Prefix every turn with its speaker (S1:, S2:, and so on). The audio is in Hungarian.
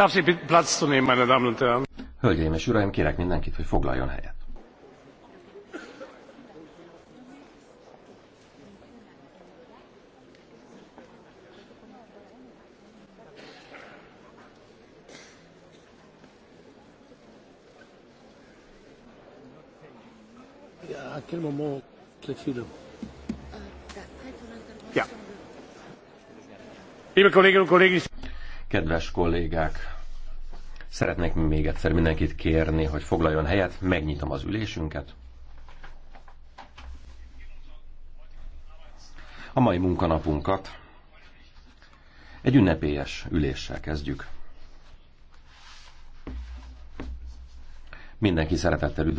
S1: Darf Sie bitten, Platz zu nehmen, meine Damen und Herren.
S2: Hölgyeim és uraim, kérek mindenkit, hogy foglaljon helyet.
S3: Ja.
S4: Liebe Kolleginnen und Kollegen, Kedves kollégák, szeretnék még egyszer mindenkit kérni, hogy foglaljon helyet, megnyitom az ülésünket. A mai munkanapunkat egy ünnepélyes üléssel kezdjük. Mindenki szeretettel üdvözlöm.